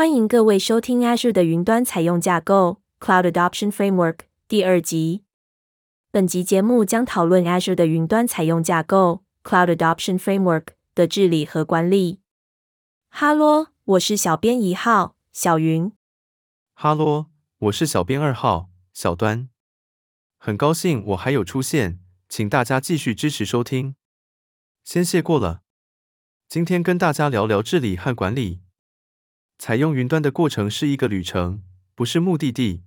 歡迎各位收聽 Azure 的雲端採用架構 （Cloud Adoption Framework） 第二集。本集節目將討論 Azure 的雲端採用架構 （Cloud Adoption Framework） 的治理和管理。哈嘍，我是小編一號小雲。哈嘍，我是小編二號小端。很高興我還有出現，請大家繼續支持收聽。先謝過了。今天跟大家聊聊治理和管理。採用雲端的過程是一個旅程，不是目的地。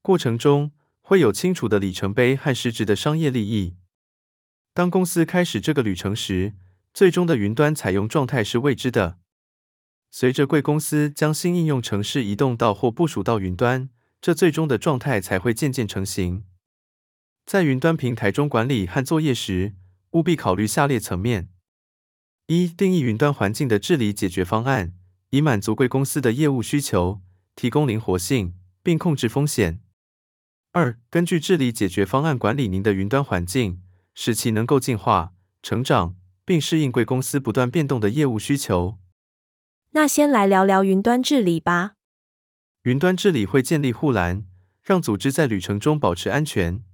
過程中會有清楚的里程碑和實質的商業利益。當公司開始這個旅程時，最終的雲端採用狀態是未知的。隨着貴公司將新應用程式移動到或部署到雲端，這最終的狀態才會漸漸成型。在雲端平台中管理和作業時，務必考慮下列層面：一、定義雲端環境的治理解決方案。以滿足貴公司的業務需求，提供靈活性並控制風險。二、根據治理解決方案管理您的雲端環境，使其能夠進化、成長並適應貴公司不斷變動的業務需求。那先來聊聊雲端治理吧。雲端治理會建立護欄，讓組織在旅程中保持安全。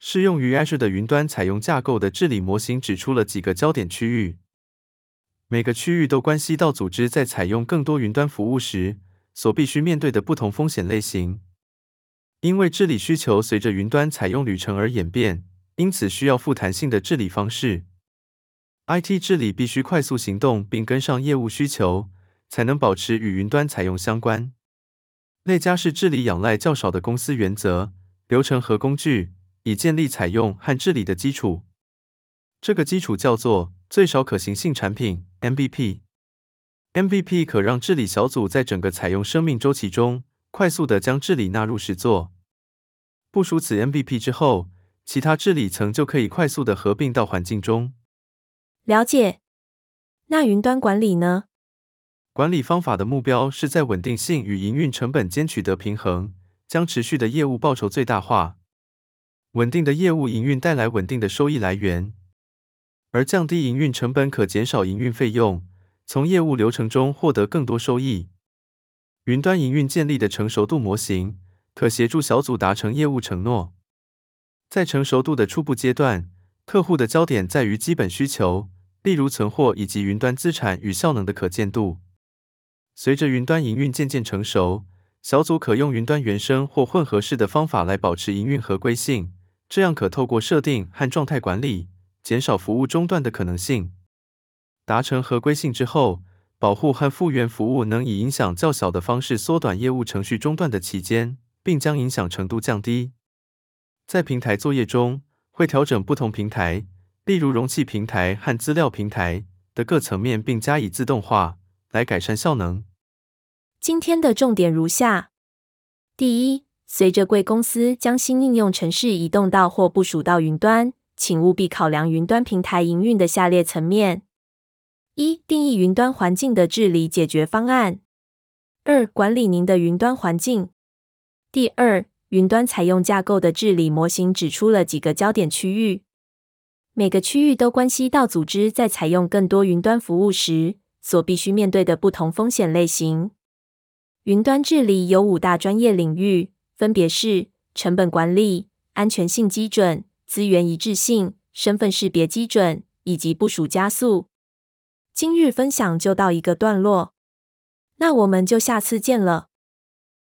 適用於 Azure 的雲端採用架構的治理模型指出了幾個焦點區域。每個區域都關係到組織在採用更多雲端服務時所必須面對的不同風險類型，因為治理需求隨着雲端採用旅程而演變，因此需要富彈性的治理方式。IT 治理必須快速行動並跟上業務需求，才能保持與雲端採用相關。漸進式治理仰賴較少的公司原則、流程和工具，以建立採用和治理的基礎。這個基礎叫做最少可行性產品。MVP MVP 可讓治理小組在整個採用生命週期中快速地將治理納入實作。部署此 MVP 之後，其他治理層就可以快速的合併到環境中。了解。那雲端管理呢？管理方法的目標是在穩定性與營運成本間取得平衡，將持續的業務報酬最大化。穩定的業務營運帶來穩定的收益來源。而降低營運成本可減少營運費用，從業務流程中獲得更多收益。雲端營運建立的成熟度模型可協助小組達成業務承諾。在成熟度的初步階段，客戶的焦點在於基本需求，例如存貨以及雲端資產與效能的可見度。隨着雲端營運漸漸成熟，小組可用雲端原生或混合式的方法來保持營運合規性，這樣可透過設定和狀態管理。減少服務中斷的可能性，達成合規性之後，保護和復原服務能以影響較小的方式縮短業務程序中斷的期間，並將影響程度降低。在平台作業中，會調整不同平台，例如容器平台和資料平台的各層面，並加以自動化來改善效能。今天的重點如下，第一，隨着貴公司將新應用程式移動到或部署到雲端。請務必考量雲端平台營運的下列層面：一、定義雲端環境的治理解決方案；二、管理您的雲端環境。第二，雲端採用架構的治理模型指出了幾個焦點區域，每個區域都關係到組織在採用更多雲端服務時所必須面對的不同風險類型。雲端治理有五大專業領域，分別是成本管理、安全性基準。資源一致性、身份識別基準以及部署加速。今日分享就到一個段落，那我們就下次見了。